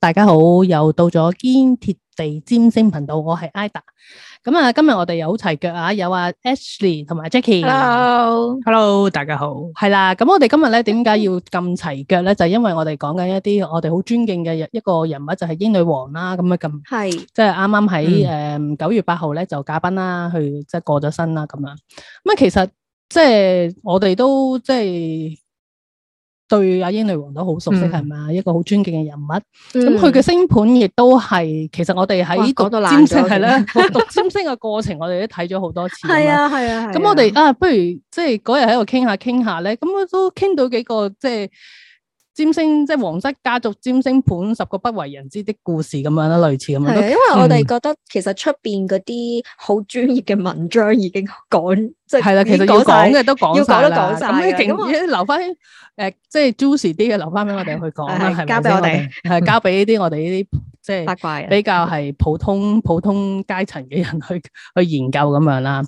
大家好，又到咗堅貼地占星頻道，我係 Ida。咁啊，今日我哋有好齊腳啊，有阿 Ashley 同埋 Jackie。Hello，Hello，Hello，大家好。係啦，咁我哋今日咧，點解要咁齊腳咧？就係因為我哋講緊一啲我哋好尊敬嘅一個人物，就係英女皇啦。咁啊咁係，即係啱啱喺誒九月八號咧就駕崩啦，去即係、就是、過咗身啦咁樣。咁啊，其實即係、就是、我哋都即係。就是對阿英女王都好熟悉係咪，一個好尊敬嘅人物。咁佢嘅星盤亦都係，其實我哋喺度讀到爛咗，係啦。占星嘅過程我哋都睇咗好多次。係啊係啊係。咁我哋啊，不如即係嗰日喺度傾下傾下咧，咁我都傾到幾個即係占星，即係皇室家族占星盤十個不為人知的故事咁樣啦，類似咁樣。因為我哋覺得其實出邊嗰啲好專業嘅文章已經講。係啦，其實要講嘅都講晒啦，咁咧留翻，誒，即係 juicy 啲嘅留翻俾我哋去講啦，係咪？交俾我哋，係交俾呢啲我哋呢啲即係比較係普通普通階層嘅人去去研究咁樣啦。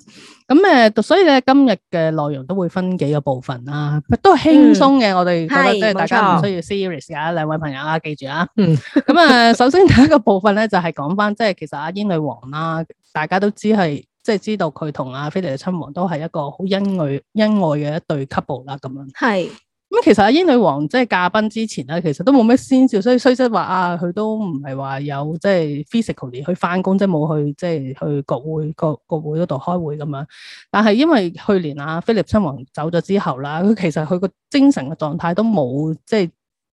咁誒，所以咧今日嘅內容都會分幾個部分啦，都係輕鬆嘅。我哋即係大家唔需要 serious 嘅，兩位朋友啊，記住啊，嗯。咁啊，首先第一個部分咧就係講翻，即係其實阿英女皇啦，大家都知係。即係知道佢同阿菲臘親王都係一個好恩愛恩愛嘅一對 couple 啦，咁樣。係咁是，其實阿英女王即係駕崩之前咧，其實都冇咩先兆，所以雖則話啊，佢都唔係話有即係 physically 去翻工，即係冇去即係去國會國國會嗰度開會咁樣。但係因為去年啊，菲臘親王走咗之後啦，佢其實佢個精神嘅狀態都冇即係。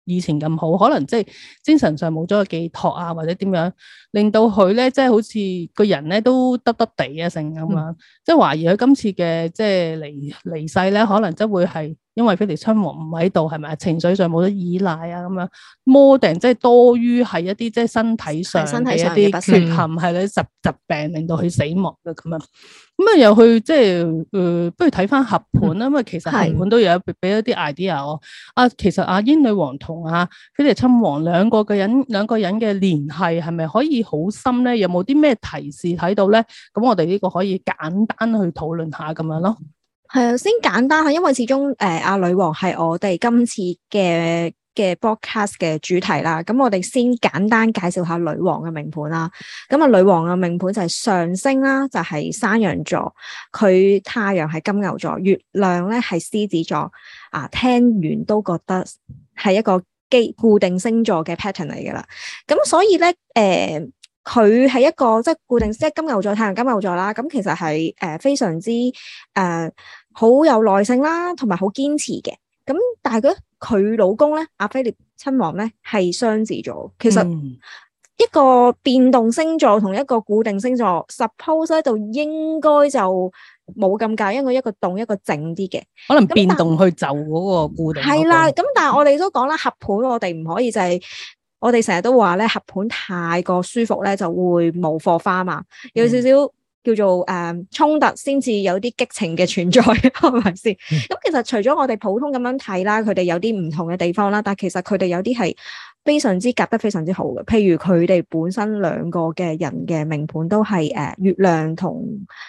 以前咁好，可能即係精神上冇咗個寄託啊，或者點樣，令到佢咧即係好似個人咧都得得地啊，成咁樣，嗯、即係懷疑佢今次嘅即係離離世咧，可能即會係。.因為菲臘親王唔喺度，係咪啊？情緒上冇得依賴啊，咁樣魔病即係多於係一啲即係身體上身體嘅一啲缺陷，係啲疾疾病令到佢死亡嘅咁樣。咁啊又去即係，誒、呃、不如睇翻合盤啦。咁啊、嗯、其實合盤都有的一俾一啲 idea。阿、啊、其實阿英女皇同阿菲臘親王，王兩個嘅人，兩個人嘅聯繫係咪可以好深咧？有冇啲咩提示睇到咧？咁我哋呢個可以簡單去討論下咁樣咯。係啊，先簡單吓，因為始終誒阿女王係我哋今次嘅嘅 broadcast 嘅主題啦。咁我哋先簡單介紹下女王嘅命盤啦。咁啊、呃呃，女王嘅命盤就係上升啦，就係、是、山羊座，佢太陽係金牛座，月亮咧係獅子座。啊、呃，聽完都覺得係一個基固定星座嘅 pattern 嚟噶啦。咁所以咧，誒佢係一個即係固定，即係金牛座太陽金牛座啦，well。咁其實係誒非常之誒。好有耐性啦，同埋好堅持嘅。咁但係佢佢老公咧，阿菲臘親王咧係雙子座。其實一個變動星座同一個固定星座，suppose 喺度應該就冇咁夾，因為一個動一個靜啲嘅。可能變動去就嗰個固定。係啦，咁但係我哋都講啦，合盤我哋唔可以就係，我哋成日都話咧，合盤太過舒服咧就會冇火花嘛，有少少。叫做誒、呃、衝突先至有啲激情嘅存在，係咪先？咁其實除咗我哋普通咁樣睇啦，佢哋有啲唔同嘅地方啦，但係其實佢哋有啲係非常之夾得非常之好嘅。譬如佢哋本身兩個嘅人嘅命盤都係誒、呃、月亮同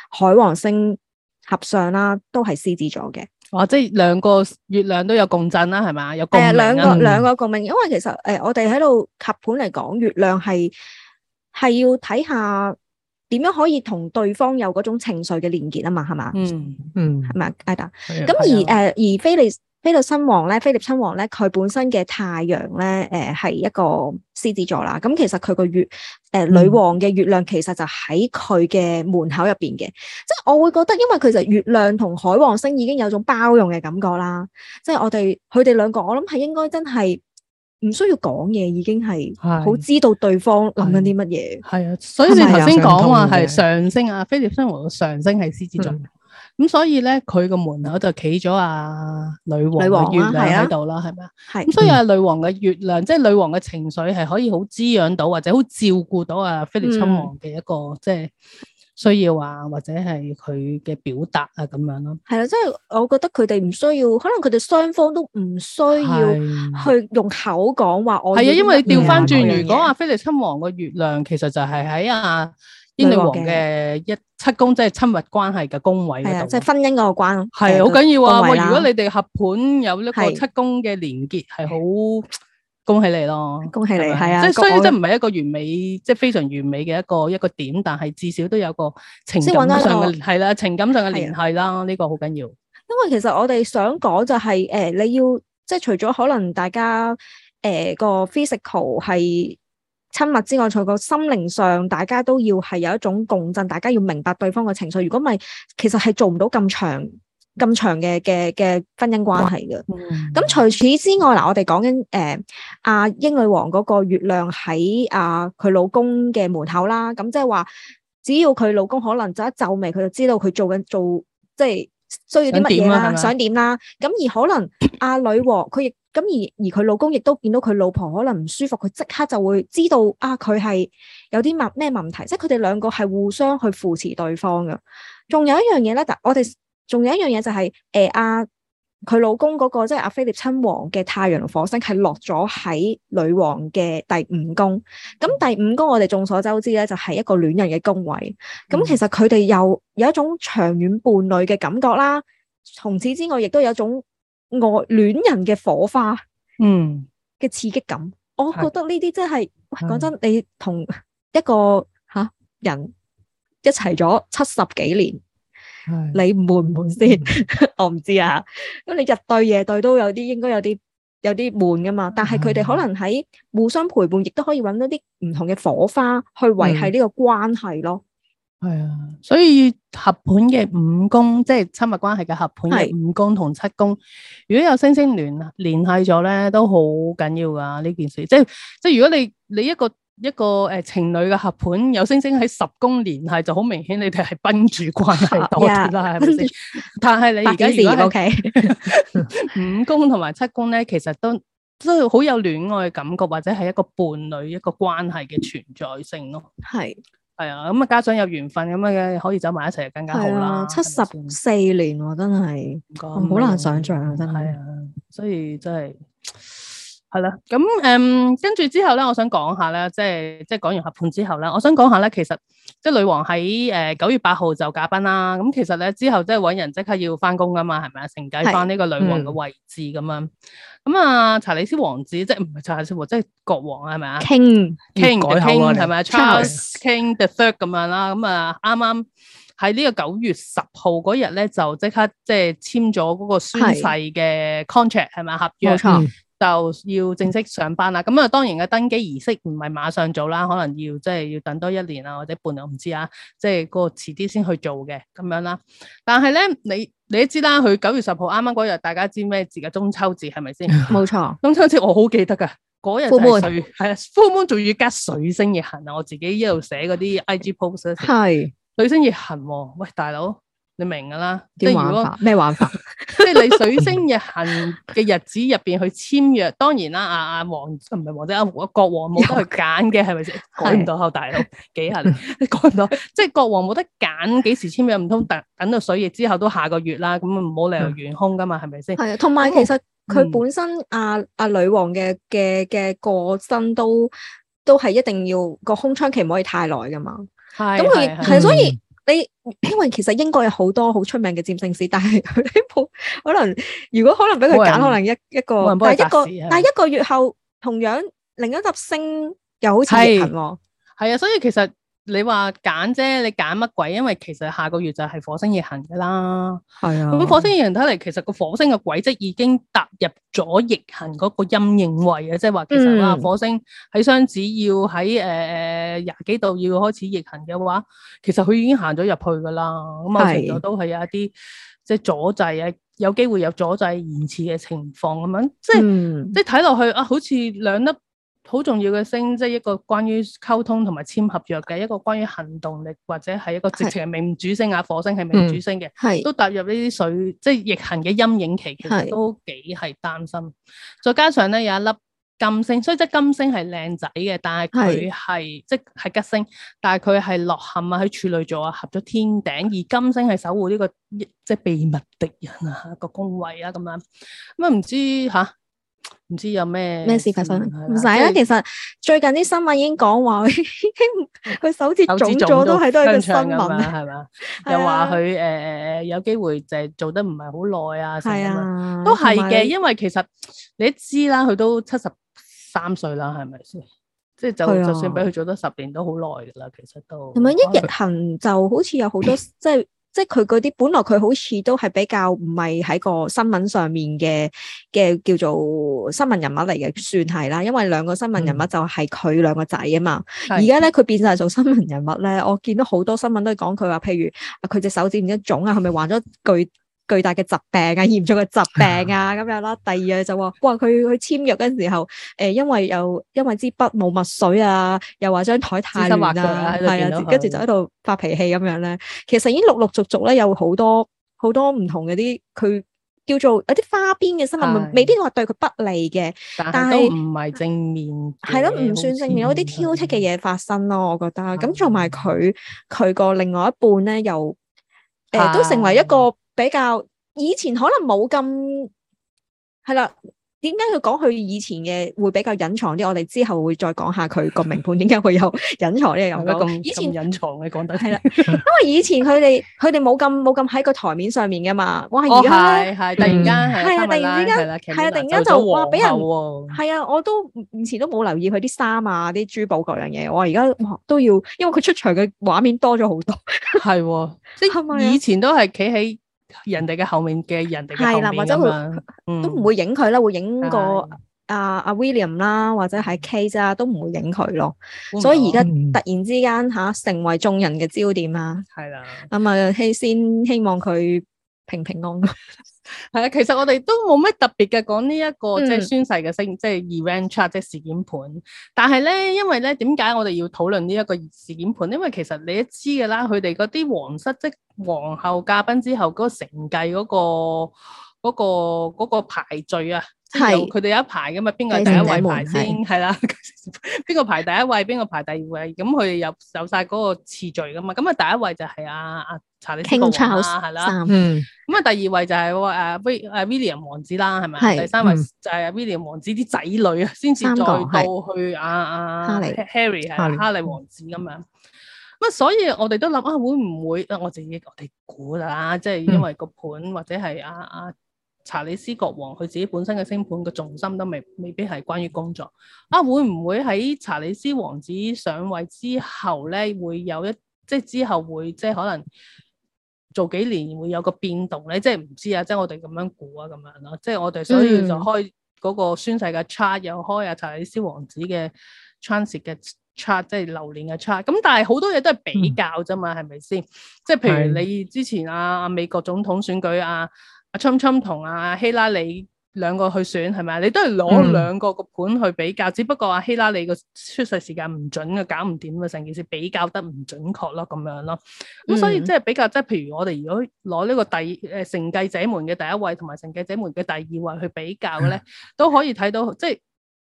海王星合相啦，都係獅子座嘅。哇！即係兩個月亮都有共振啦，係咪？有、啊、 兩個兩個共鳴，因為其實誒、呃、我哋喺度合盤嚟講，月亮係係要睇下。點樣可以同對方有嗰種情緒嘅連結啊？嘛係嘛？嗯吧吧嗯，係咪 Ada？咁而誒而飛利飛利新王菲臘菲臘親王咧，菲臘親王咧，佢本身嘅太陽咧誒係一個獅子座啦。咁其實佢個月誒、呃、女王嘅月亮其實就喺佢嘅門口入邊嘅。嗯、即係我會覺得，因為其實月亮同海王星已經有種包容嘅感覺啦。即係我哋佢哋兩個，我諗係應該真係。唔需要講嘢，已經係好知道對方諗緊啲乜嘢。係啊，所以你頭先講話係上升啊，是是菲利親王嘅上升係獅子座。咁、嗯、所以咧，佢個門口就企咗啊女王月亮喺度啦，係咪啊？咁、啊、吧是所以啊，女王嘅月亮，啊、即係女王嘅情緒，係可以好滋養到或者好照顧到啊，菲力親王嘅一個即係。嗯嗯需要啊，或者係佢嘅表達啊，咁樣咯。係啦，即係我覺得佢哋唔需要，可能佢哋雙方都唔需要去用口講話。我係啊，因為你調翻轉，的如果阿菲臘親王個月亮其實就係喺阿英女王嘅一七宮，的即係親密關係嘅宮位度。即係婚姻嗰個關。係好緊要啊！如果你哋合盤有呢個七宮嘅連結，係好的。恭喜你咯！恭喜你，係吧啊，即係雖然即係唔係一個完美，我即係非常完美嘅一個一個點，但係至少都有個情感上嘅係啦，情感上嘅聯繫啦，呢、啊、個好緊要。因為其實我哋想講就係、是，誒、呃，你要即係除咗可能大家誒、呃、個 physical 係親密之外，在個心靈上，大家都要係有一種共振，大家要明白對方嘅情緒，如果唔係，其實係做唔到咁長。咁長嘅嘅嘅婚姻關係嘅，咁、嗯、除此之外嗱，呢我哋講緊誒阿英女皇嗰個月亮喺阿佢老公嘅門口啦，咁即係話只要佢老公可能就一皺眉，佢就知道佢做緊做，做即係需要啲乜嘢啦，想點啦、啊，咁嗎、啊、而可能阿、啊、女皇，佢亦咁而而佢老公亦都見到佢老婆可能唔舒服，佢即刻就會知道啊，佢係有啲乜咩問題，即係佢哋兩個係互相互去扶持對方嘅。仲有一樣嘢咧，但我哋。仲有一樣嘢就係誒阿佢老公嗰，那個即係阿菲臘親王嘅太陽火星係落咗喺女王嘅第五宮，咁第五宮我哋眾所周知咧就係、是、一個戀人嘅宮位，咁其實佢哋又有一種長遠伴侶嘅感覺啦，除此之外亦都有一種愛戀人嘅火花，嗯嘅刺激感，嗯、我覺得呢啲真係，講、嗯、真你同一個吓人一齊咗七十幾年。你悶唔悶先悶？嗯、 我唔知啊，咁你日對夜對都有啲，應該有啲有啲悶噶嘛。但係佢哋可能喺互相陪伴，亦都可以揾到啲唔同嘅火花去維繫呢個關係咯。係啊、嗯，所以合盤嘅五宮，嗯、即係親密關係嘅合盤嘅五宮同七宮，的如果有星星聯聯繫咗咧，都好緊要噶呢、啊、件事。即係即係，如果你你一個。一個誒情侶嘅合盤有星星喺十宮連繫，就好明顯你哋係奔住關係多啲啦，係咪先？是是 但係你而家四宮、okay. 五宮同埋七宮咧，其實都都好有戀愛感覺，或者係一個伴侶一個關係嘅存在性咯。係係是啊，咁啊加上有緣分咁樣嘅，可以走埋一齊，就更加好啦。七十四年、啊、真係好、嗯、難想象，真係、啊，所以真係。係啦，咁誒、嗯，跟住之後咧，我想講下咧，即係即係講完合盤之後咧，我想講下咧，其實即係女王喺誒九月八號就駕崩啦，咁其實咧之後即係揾人即刻要翻工噶嘛，係咪啊？承繼翻呢個女王嘅位置咁樣，咁啊查理斯王子即係唔係查理斯王，即係國王係咪啊？King King 改口啦，係咪啊？Charles King the Third 咁樣啦，咁啊啱啱喺呢個九月十號嗰日咧就即刻即係簽咗嗰個宣誓嘅 contract 係咪啊？冇錯。就要正式上班啦，咁啊，當然嘅登基儀式唔係馬上做啦，可能要即係要等多一年啊或者半年啊，唔知啊，即係個遲啲先去做嘅咁樣啦。但係咧，你你都知啦，佢九月十號啱啱嗰日剛剛，大家知咩字嘅中秋節係咪先？冇錯，中秋節我好記得嘅嗰日就係水係啊，Full Moon 仲要加水星逆行啊！我自己一路寫嗰啲 IG post 咧，係水星逆行喎、啊，喂大佬。你明噶啦，即係如果咩玩法，即係你水星逆行嘅日子入邊去簽約，當然啦，阿阿王唔係王者阿王國王冇得去揀嘅，係咪先，改唔到口大佬幾日，改唔到，即係國王冇得揀幾時簽約，唔通等等到水逆之後都下個月啦，咁唔好理由懸空噶嘛，係咪先？係啊，同埋其實佢本身阿阿女王嘅嘅嘅過身都都係一定要個空窗期唔可以太耐噶嘛，咁佢係所以。你因為其實英國有好多好出名嘅占星師，但係佢哋冇可能，如果可能俾佢揀，人可能一個但一個，的但係一個但係一個月後同樣另一粒星又好似逆行喎，係啊，所以其實。你話揀啫，你揀乜鬼？因為其實下個月就係火星逆行噶啦。係啊。咁火星逆行睇嚟，其實個火星嘅軌跡已經踏入咗逆行嗰個陰影位啊！即係話，其實話火星喺雙子要喺誒廿幾度要開始逆行嘅話，其實佢已經行咗入去噶啦。咁啊，程度都係有一啲即係阻滯啊，有機會有阻滯延遲嘅情況咁樣。就是嗯、即係即係睇落去啊，好似兩粒，好重要嘅星，即、就、係、是、一個關於溝通同埋簽合約嘅，一個關於行動力或者係一個直情係命主星啊，的火星係命主星嘅，嗯、都踏入呢啲水即係逆行嘅陰影期，其實都幾係擔心。的再加上咧有一粒金星，所以即係金星係靚仔嘅，但係佢係即係吉星，但係佢係落陷啊，喺處女座啊，合咗天頂，而金星係守護呢、這個即係、就是、秘密敵人啊個宮位啊咁樣，咁啊唔知吓？唔知有咩咩事發生？唔使啦，其實最近啲新聞已經講話，佢佢手指腫咗都係都係個新聞，係嘛？又話佢誒誒誒，有機會就係做得唔係好耐啊，係啊，都係嘅，因為其實你知啦，佢都七十三歲啦，係咪先？即係就就算俾佢做得十年都好耐噶啦，其實都。咁樣，一日行就好似有好多即係。即係佢嗰啲本來佢好似都係比較唔係喺個新聞上面嘅嘅叫做新聞人物嚟，嘅算係啦，因為兩個新聞人物就係佢兩個仔啊嘛。而家咧佢變晒做新聞人物咧，我見到好多新聞都講佢話，譬如啊佢隻手指唔知腫啊，係咪患咗巨。巨大嘅疾病啊，嚴重嘅疾病啊，咁樣啦。第二嘢就話，哇，佢佢簽約嗰時候，誒，因為又因為支筆冇墨水啊，又話張台太亂啊，係啊，跟住就喺度發脾氣咁樣咧。其實已經陸陸續續咧，有好多好多唔同嗰啲，佢叫做有啲花邊嘅新聞，未必話對佢不利嘅，但係都唔係正面。係咯，唔算正面，有啲挑剔嘅嘢發生咯，我覺得。咁同埋佢佢個另外一半咧，又誒都成為一個。比較以前可能冇咁係啦，點解佢講佢以前嘅會比較隱藏啲？我哋之後會再講下佢個名盤，點解會有隱藏呢？咁樣咁以前隱藏嘅講得係啦的， 因為以前佢哋佢哋冇咁冇咁喺個台面上,上面嘅嘛。哇！而家咧突然間係啊，突然之間係突然間就,就哇俾人係啊！我都以前都冇留意佢啲衫啊、啲珠寶各樣嘢。我而家都要，因為佢出場嘅畫面多咗好多。係即係以前都係企喺。人哋嘅後面嘅的人哋，係啦，或者佢、嗯、都唔會影佢啦，的會影個阿阿、uh, William 啦，或者係 Kate 啊、嗯，都唔會影佢咯。所以而家突然之間嚇、啊、成為眾人嘅焦點的啊！係啦，咁啊希先希望佢。平平安安，係啊，其實我哋都冇乜特別嘅講呢一個即係宣誓嘅聲，即係 event 即係事件盤。嗯、但係咧，因為咧，點解我哋要討論呢一個事件盤？因為其實你都知噶啦，佢哋嗰啲皇室即皇后駕崩之後嗰個承繼嗰、那個。嗰個排序啊，就佢哋有一排噶嘛，邊個係第一位排先？係啦，邊個排第一位，邊個排第二位？咁佢哋有有晒嗰個次序噶嘛？咁啊，第一位就係阿阿查理斯國王啦，咁啊，第二位就係阿阿 William 王子啦，係咪？第三位就係 William 王子啲仔女啊，先至再到去阿阿 Harry 係哈利王子咁樣。咁啊，所以我哋都諗啊，會唔會我自己我哋估啦，即係因為個盤或者係阿阿。查理斯國王佢自己本身嘅星盤嘅重心都未未必係關於工作啊，會唔會喺查理斯王子上位之後咧，會有一即係之後會即係可能做幾年會有個變動咧？即係唔知啊，即係我哋咁樣估啊，咁樣咯。即係我哋所以就開嗰個宣誓嘅 chart、嗯、又開啊查理斯王子嘅 transit 嘅 chart，即係流年嘅 chart。咁但係好多嘢都係比較啫嘛，係咪先？即係譬如你之前啊，美國總統選舉啊。阿侵侵同阿希拉里兩個去選係咪啊？你都係攞兩個個盤去比較，嗯、只不過阿希拉里個出世時間唔準嘅，搞唔掂啊！成件事比較得唔準確咯，咁樣咯。咁、嗯、所以即係比較，即係譬如我哋如果攞呢個第誒承繼者們嘅第一位同埋承繼者們嘅第二位去比較咧，嗯、都可以睇到即係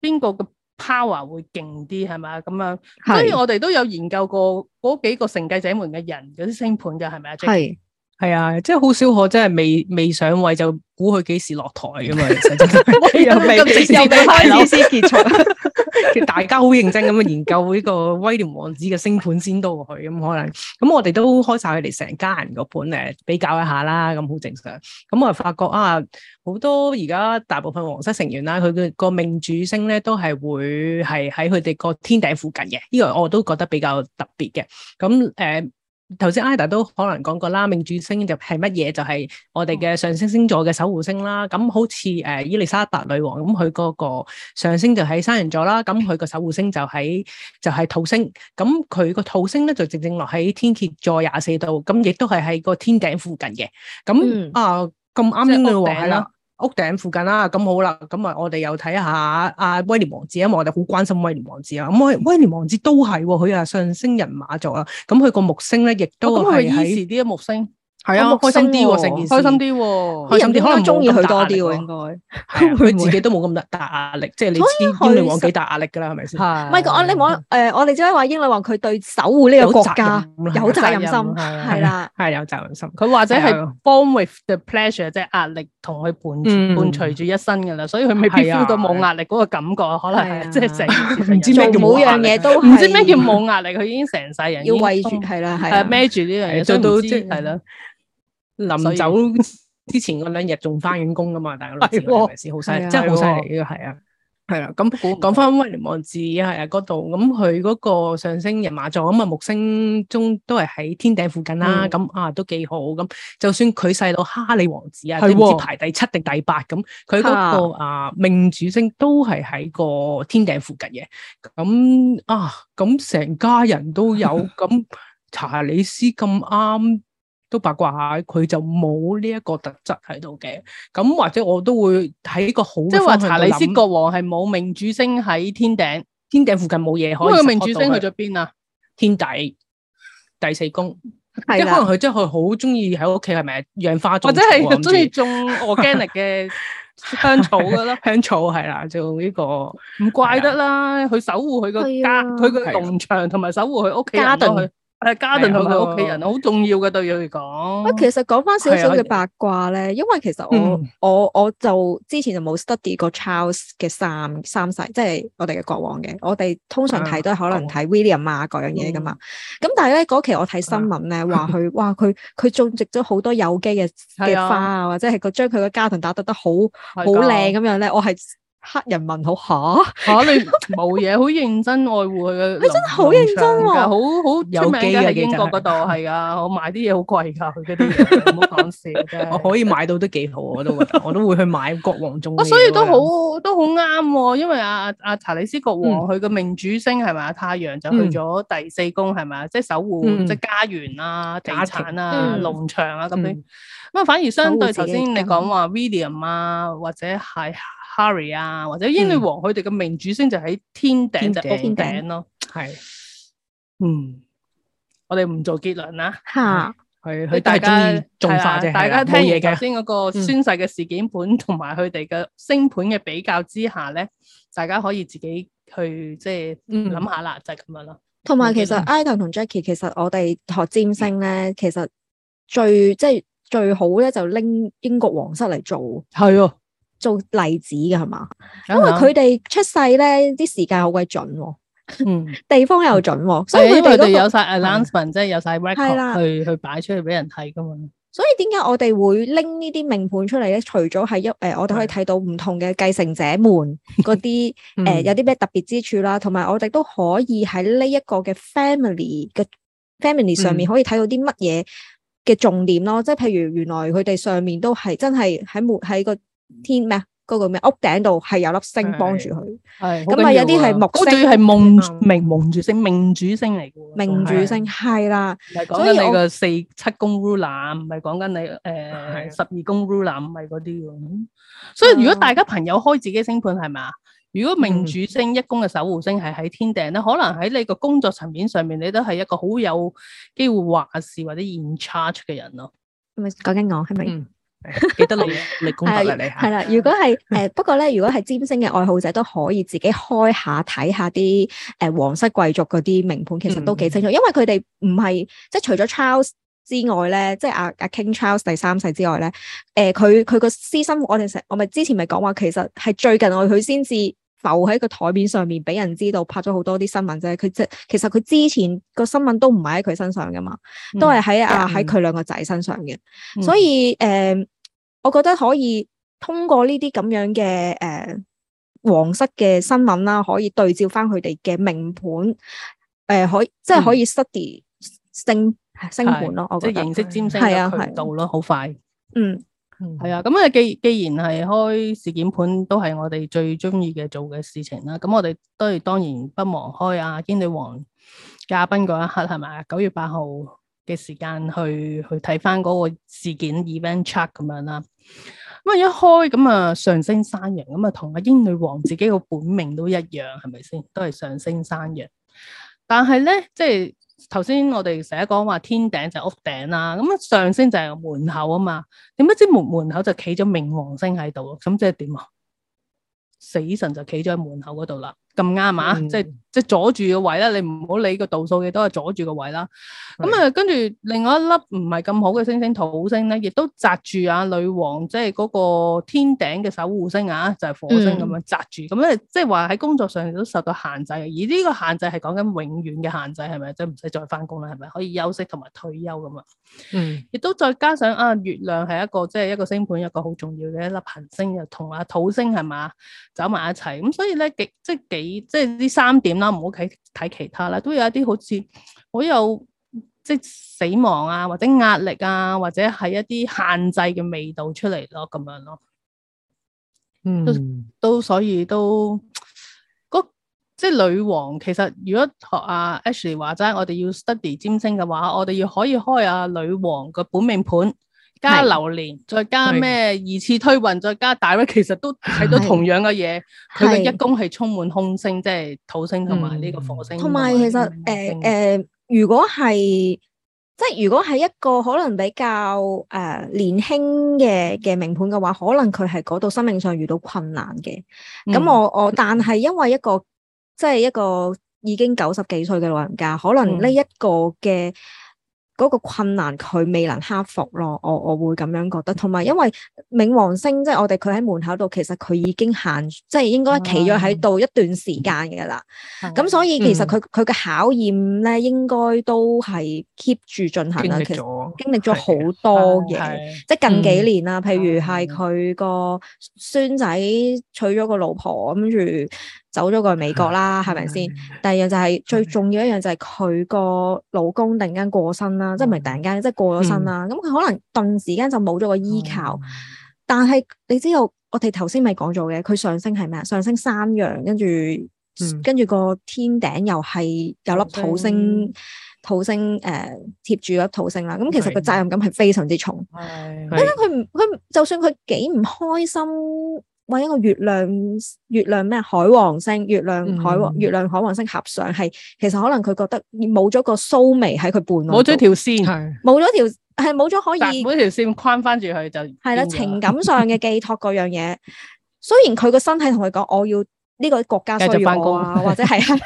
邊個嘅 power 會勁啲係咪啊咁樣。是所以我哋都有研究過嗰幾個承繼者們嘅人嗰啲星盤嘅係咪啊？係。是係啊，即係好少可真係未未上位就估佢幾時落台噶嘛，其實真 又未被 又未開始結束， 大家好認真咁啊研究呢個威廉王子嘅星盤先到去咁，可能咁我哋都開晒佢哋成家人個盤嚟比較一下啦，咁好正常。咁我發覺啊，好多而家大部分皇室成員啦，佢嘅個命主星咧都係會係喺佢哋個天頂附近嘅，呢個我都覺得比較特別嘅。咁誒。呃頭先 Ada 都可能講過啦，命主星就係乜嘢？就係、是、我哋嘅上升星座嘅守護星啦。咁、嗯、好似誒伊麗莎白女王咁，佢個個上升就喺山羊座啦。咁佢個守護星就喺就係、是、土星。咁佢個土星咧就正正落喺天蠍座廿四度。咁亦都係喺個天頂附近嘅。咁、嗯、啊咁啱啱要話啦。屋頂附近啦，咁好啦，咁啊，我哋又睇下阿威廉王子，因為我哋好關心威廉王子啊，咁威威廉王子都係佢啊上升人馬座啦，咁佢個木星咧，亦都係喺。咁佢依時啲木星。係啊，開心啲，開心啲，開心啲，可能中意佢多啲應該。可能佢自己都冇咁大壓力，即係英英女皇幾大壓力噶啦，係咪先？係。唔係我你望誒，我哋即係話英女皇佢對守護呢個國家有責任心，係啦，係有責任心。佢或者係 born with the pressure，即係壓力同佢伴伴隨住一生噶啦，所以佢未必 feel 到冇壓力嗰個感覺，可能係即係成。唔知咩叫冇樣嘢都？唔知咩叫冇壓力？佢已經成世人要衛住係啦，係孭住呢樣嘢，就係啦。臨走之前嗰兩日仲翻緊工噶嘛，大佬羅傑斯好犀利，真係好犀利呢嘅。係啊，係啦。咁講翻威廉王子啊，嗰度咁佢嗰個上升人馬座，咁啊木星中都係喺天頂附近啦。咁啊都幾好咁，就算佢細佬哈利王子啊，唔知排第七定第八，咁佢嗰個啊命主星都係喺個天頂附近嘅。咁啊，咁成家人都有，咁查理斯咁啱。都八卦下，佢就冇呢一個特質喺度嘅。咁或者我都會睇個好，即係話查理斯國王係冇命主星喺天頂，天頂附近冇嘢。咁個命主星去咗邊啊？天底第四宮，的即可能佢真係好中意喺屋企，係咪養花種草？或者係中意種 organic 嘅香草嘅啦。香草係啦，就呢、這個唔的怪得啦，佢守護佢個家，佢個農場同埋守護佢屋企。誒，加頓同佢屋企人好重要嘅，對佢嚟講。啊，其實講翻少少嘅八卦咧，的因為其實我、嗯、我我就之前就冇 study 過 Charles 嘅三三世，即、就、係、是、我哋嘅國王嘅。我哋通常睇都係可能睇 William 啊各的樣嘢噶嘛。咁、嗯、但係咧嗰期我睇新聞咧話佢，哇！佢佢種植咗好多有機嘅嘅花啊，的或者係佢將佢嘅家庭打得得好好靚咁樣咧，我係。黑人問好嚇嚇你冇嘢，好認真愛護佢嘅農場。你真係好認真喎，好好出名喺英國嗰度係啊，我買啲嘢好貴㗎，佢嗰啲冇講笑啫。我可以買到都幾好，我都覺得我都會去買國王中。我所以都好都好啱，因為阿阿查理斯國王佢嘅命主星係咪啊？太陽就去咗第四宮係咪啊？即係守護即係家園啊、地產啊、農場啊咁樣。咁啊，反而相對頭先你講話 William 啊，或者係。Harry 啊，或者英女皇佢哋嘅命主星就喺天頂就天頂頂咯。係頂，嗯，我哋唔做結論啦。吓哈，係，佢大家係啦，大家，啊、大家聽嘢嘅。先嗰個宣誓嘅事件盤同埋佢哋嘅星盤嘅比較之下咧，大家可以自己去即係諗下啦，嗯、就係咁樣咯。同埋其實，Idol 同 Jackie，其實我哋學占星咧，其實最即係最好咧，就拎英國皇室嚟做。係啊、嗯。做例子嘅係嘛？因為佢哋出世咧，啲時間好鬼準，嗯，地方又準，嗯、所以佢哋、那個、有晒 announcement，的即係有晒 record 啦，去去擺出去俾人睇噶嘛。所以點解我哋會拎呢啲命盤出嚟咧？除咗係一誒、呃，我哋可以睇到唔同嘅繼承者們嗰啲誒，有啲咩特別之處啦，同埋我哋都可以喺呢一個嘅 family 嘅，嗯、family 上面可以睇到啲乜嘢嘅重點咯。嗯、即係譬如原來佢哋上面都係真係喺木喺個。天咩啊？嗰個咩屋頂度係有粒星幫住佢，咁啊有啲係木星，主要係命命蒙住星命主星嚟嘅喎，命主星係啦。係講緊你個四七宮 ruler，唔係講緊你誒十二宮 ruler，唔係嗰啲嘅。所以如果大家朋友開自己星盤係咪，如果命主星一宮嘅守護星係喺天頂咧，可能喺你個工作層面上面，你都係一個好有機會話事或者 in charge 嘅人咯。係咪講緊我？係咪？記得你，你工底，嘅你係啦。如果係誒、呃，不過咧，如果係占星嘅愛好者都可以自己開下睇下啲誒皇室貴族嗰啲名盤，其實都幾清楚。因為佢哋唔係即係除咗 Charles 之外咧，即係阿阿 King Charles 第三世之外咧，誒、呃，佢佢個私生活，我哋成我咪之前咪講話，其實係最近我佢先至。浮喺個台面上面，俾人知道拍咗好多啲新聞啫。佢即係其實佢之前個新聞都唔係喺佢身上噶嘛，都係喺啊喺佢兩個仔身上嘅。嗯、所以誒、呃，我覺得可以通過呢啲咁樣嘅誒、呃、皇室嘅新聞啦，可以對照翻佢哋嘅命盤誒，可以、嗯、即係可以 study 升升盤咯、嗯。即係形式尖升嘅渠道咯，好快、啊。啊、嗯。係、嗯、啊，咁啊，既既然係開事件盤都係我哋最中意嘅做嘅事情啦，咁我哋都係當然不忘開阿、啊、英女皇嘉賓嗰一刻，係咪啊？九月八號嘅時間去去睇翻嗰個事件 event chart 咁樣啦。咁一開咁啊上升山羊，咁啊同阿英女皇自己個本命都一樣，係咪先？都係上升山羊。但係咧，即係。頭先我哋成日講話天頂就屋頂啦，咁上升就係門口啊嘛，點解知門門口就企咗冥王星喺度？咁即係點啊？死神就企咗喺門口嗰度啦。咁啱啊！即係即係阻住個位啦，你唔好理個度數嘅，都係阻住個位啦。咁啊、嗯，跟住另外一粒唔係咁好嘅星星土星咧，亦都擲住啊女皇，即係嗰個天頂嘅守護星啊，就係、是、火星咁樣擲住。咁咧、嗯、即係話喺工作上都受到限制嘅。而呢個限制係講緊永遠嘅限制，係咪即係唔使再返工啦？係咪可以休息同埋退休咁啊？是是嗯，亦都再加上啊月亮係一個即係、就是、一個星盤一個好重要嘅一粒行星，又同啊土星係嘛走埋一齊。咁所以咧極即係幾。即即幾即係呢三點啦，唔好睇睇其他啦，都有一啲好似好有即係死亡啊，或者壓力啊，或者係一啲限制嘅味道出嚟咯，咁樣咯。嗯，都所以都即係女王。其實如果阿 Ashley 話齋，我哋要 study 占星嘅話，我哋要可以開阿女王嘅本命盤。加榴蓮，再加咩二次推運，的再加大位，的其實都睇到同樣嘅嘢。佢嘅的一宮係充滿凶星，即、就、係、是、土星同埋呢個火星。同埋、嗯、其實誒誒、呃呃，如果係即係如果係一個可能比較誒、呃、年輕嘅嘅命盤嘅話，可能佢係嗰度生命上遇到困難嘅。咁、嗯、我我，但係因為一個即係、就是、一個已經九十幾歲嘅老人家，可能呢一個嘅。嗯嗰個困難佢未能克服咯，我我會咁樣覺得，同埋因為冥王星即係、就是、我哋佢喺門口度，其實佢已經限即係應該企咗喺度一段時間嘅啦。咁、嗯、所以其實佢佢嘅考驗咧，應該都係 keep 住進行啊。其實經歷咗好多嘢，即係近幾年啦，譬、嗯、如係佢個孫仔娶咗個老婆，跟住。走咗過去美國啦，係咪先？對，對，對，第二樣就係最重要一樣，就係佢個老公突然間過身啦，即係唔係突然間，即、就、係、是、過咗身啦。咁佢、嗯、可能頓時間就冇咗個依靠，嗯、但係你知道，我哋頭先咪講咗嘅，佢上升係咩啊？上升山羊，跟住、嗯、跟住個天頂又係有粒土星，土星誒貼住粒土星啦。咁、嗯嗯、其實個責任感係非常之重，咁樣佢唔佢，就算佢幾唔開心。哇！一個月亮，月亮咩？海王星，月亮海王，月亮海王星合相，係其實可能佢覺得冇咗個蘇眉喺佢半，冇咗條線，冇咗條，係冇咗可以冇咗條線框翻住佢就係啦，情感上嘅寄託嗰樣嘢，雖然佢個身體同佢講，我要呢個國家需要我啊，或者係啊，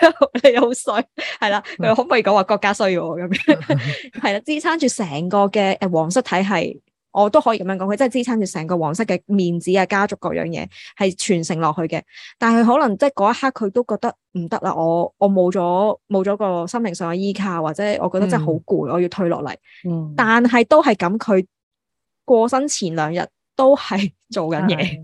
你好衰，係啦，佢可唔可以講話國家需要我咁樣？係啦，支撐住成個嘅誒皇室體系。我都可以咁樣講，佢真係支撐住成個皇室嘅面子啊，家族各樣嘢係傳承落去嘅。但係佢可能即係嗰一刻，佢都覺得唔得啦，我我冇咗冇咗個心靈上嘅依靠，或者我覺得真係好攰，嗯、我要退落嚟。嗯、但係都係咁，佢過身前兩日都係做緊嘢，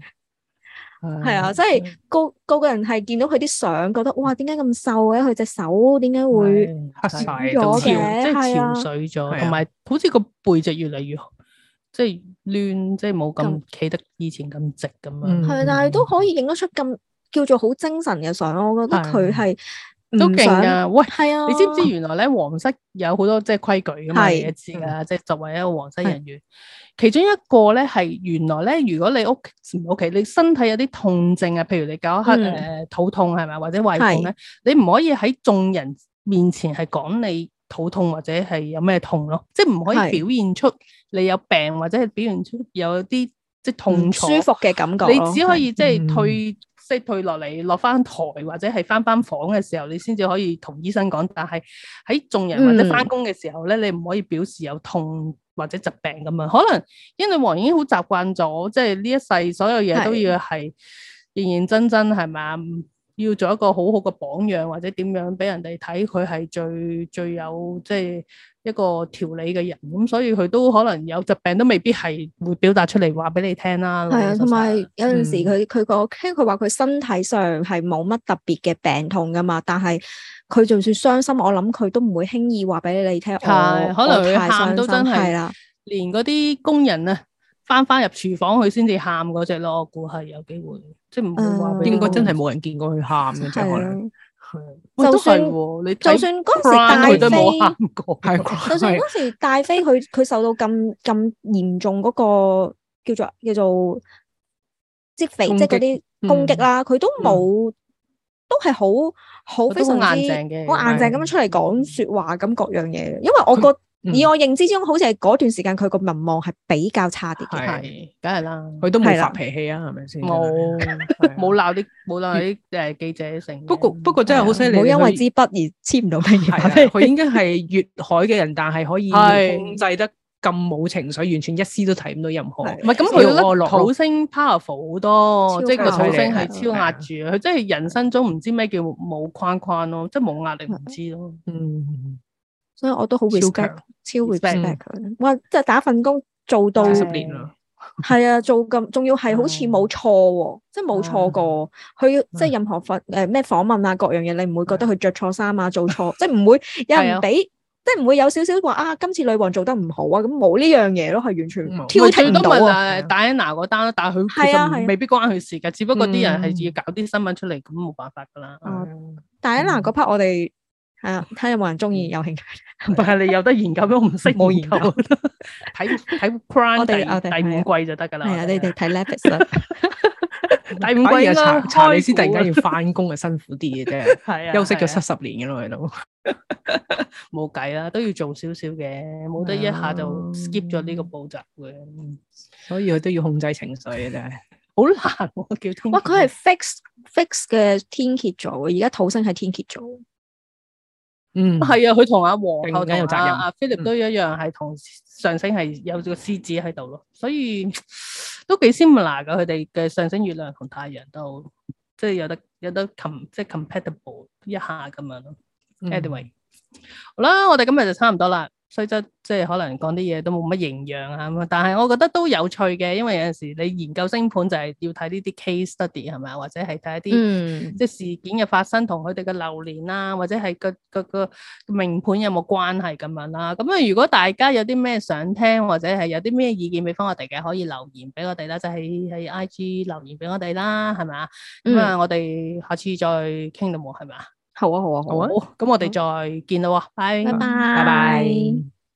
係啊，即係個個人係見到佢啲相，覺得哇點解咁瘦嘅？佢隻手點解會黑晒咗？即係潮水咗，同埋、啊、好似個背脊越嚟越。即係亂，即係冇咁企得以前咁直咁樣。係、嗯，但係都可以影得出咁叫做好精神嘅相，我覺得佢係都勁噶。喂，係啊的！你知唔知原來咧皇室有好多即係規矩噶嘛？你知噶啦，即係作為一個皇室人員，的其中一個咧係原來咧，如果你屋屋企，你身體有啲痛症啊，譬如你搞一刻誒，嗯、肚痛係咪，或者胃痛咧的，你唔可以喺眾人面前係講你。肚痛或者係有咩痛咯，即係唔可以表現出你有病是或者係表現出有啲即係痛楚唔舒服嘅感覺。你只可以是即係退即係、嗯、退落嚟落翻台或者係翻翻房嘅時候，你先至可以同醫生講。但係喺眾人或者翻工嘅時候咧，嗯、你唔可以表示有痛或者疾病咁樣。可能因為女皇已經好習慣咗，即係呢一世所有嘢都要係認認真真係咪。是要做一個好好嘅榜樣，或者點樣俾人哋睇佢係最最有即係一個條理嘅人，咁、嗯、所以佢都可能有疾病都未必係會表達出嚟話俾你聽啦。係啊的，同埋有陣時佢佢、嗯那個，因為佢話佢身體上係冇乜特別嘅病痛噶嘛，但係佢就算傷心，我諗佢都唔會輕易話俾你哋聽。的可能佢喊都真係。係啦，連嗰啲工人啊，返返入廚房佢先至喊嗰隻咯，我估係有機會。即係唔會話，應該真係冇人見過佢喊嘅啫。係，就算就算嗰時戴妃，佢都冇喊過。就算嗰時戴妃，佢佢受到咁咁嚴重嗰個叫做叫做即肥即嗰啲攻擊啦，佢都冇，都係好好非常之好硬淨咁出嚟講説話咁各樣嘢嘅，因為我覺。以我認知中，好似係嗰段時間佢個民望係比較差啲。係，梗係啦，佢都冇發脾氣啊，係咪先？冇，冇鬧啲，冇鬧啲誒記者剩。不過不過真係好犀利。冇因為支筆而簽唔到名嘅。佢應該係粵海嘅人，但係可以控制得咁冇情緒，完全一絲都睇唔到任何。唔係咁，佢覺得土星 powerful 好多，即係個土星係超壓住。佢真係人生中唔知咩叫冇框框咯，即係冇壓力唔知咯。嗯。所以我都好 respect，超 respect 佢。哇，即係打份工做到十年啦，係啊，做咁仲要係好似冇錯，即係冇錯過。佢即係任何訪誒咩訪問啊，各樣嘢你唔會覺得佢着錯衫啊，做錯即係唔會有人俾，即係唔會有少少話啊，今次女王做得唔好啊，咁冇呢樣嘢咯，係完全冇。我最多咪戴安娜嗰單咯，但係佢係啊係，未必關佢事㗎，只不過啲人係要搞啲新聞出嚟，咁冇辦法噶啦。哦，戴安娜嗰 part 我哋。啊！睇有冇人中意有興趣，但係你有得研究，都唔識冇研究。睇睇《Crown 第五季就得噶啦。係啊，你哋睇《l e 第五季咯。查查理斯，突然間要翻工，係辛苦啲嘅啫。係啊，休息咗七十年嘅咯，係咯，冇計啦，都要做少少嘅，冇得一下就 skip 咗呢個步驟嘅。所以佢都要控制情緒啊！真係好難，我叫通。哇！佢係 Fix Fix 嘅天蠍座，而家土星係天蠍座。嗯，係啊，佢同阿皇后同阿阿菲臘都一樣，係同上升係有個獅子喺度咯，所以都幾 similar 噶，佢哋嘅上升月亮同太陽都即係有得有得 com, 即係 compatible 一下咁樣咯。Anyway， 好啦，我哋今日就差唔多啦。雖則即係可能講啲嘢都冇乜營養啊咁啊，但係我覺得都有趣嘅，因為有陣時你研究星盤就係要睇呢啲 case study 係咪啊？或者係睇一啲、嗯、即係事件嘅發生同佢哋嘅流年啦，或者係個個個名盤有冇關係咁樣啦。咁啊，如果大家有啲咩想聽或者係有啲咩意見俾翻我哋嘅，可以留言俾我哋啦，就喺、係、喺 IG 留言俾我哋啦，係咪啊？咁啊、嗯，我哋下次再傾到冇係咪啊？好啊好啊好啊，咁、啊啊啊、我哋再見啦，拜拜拜拜。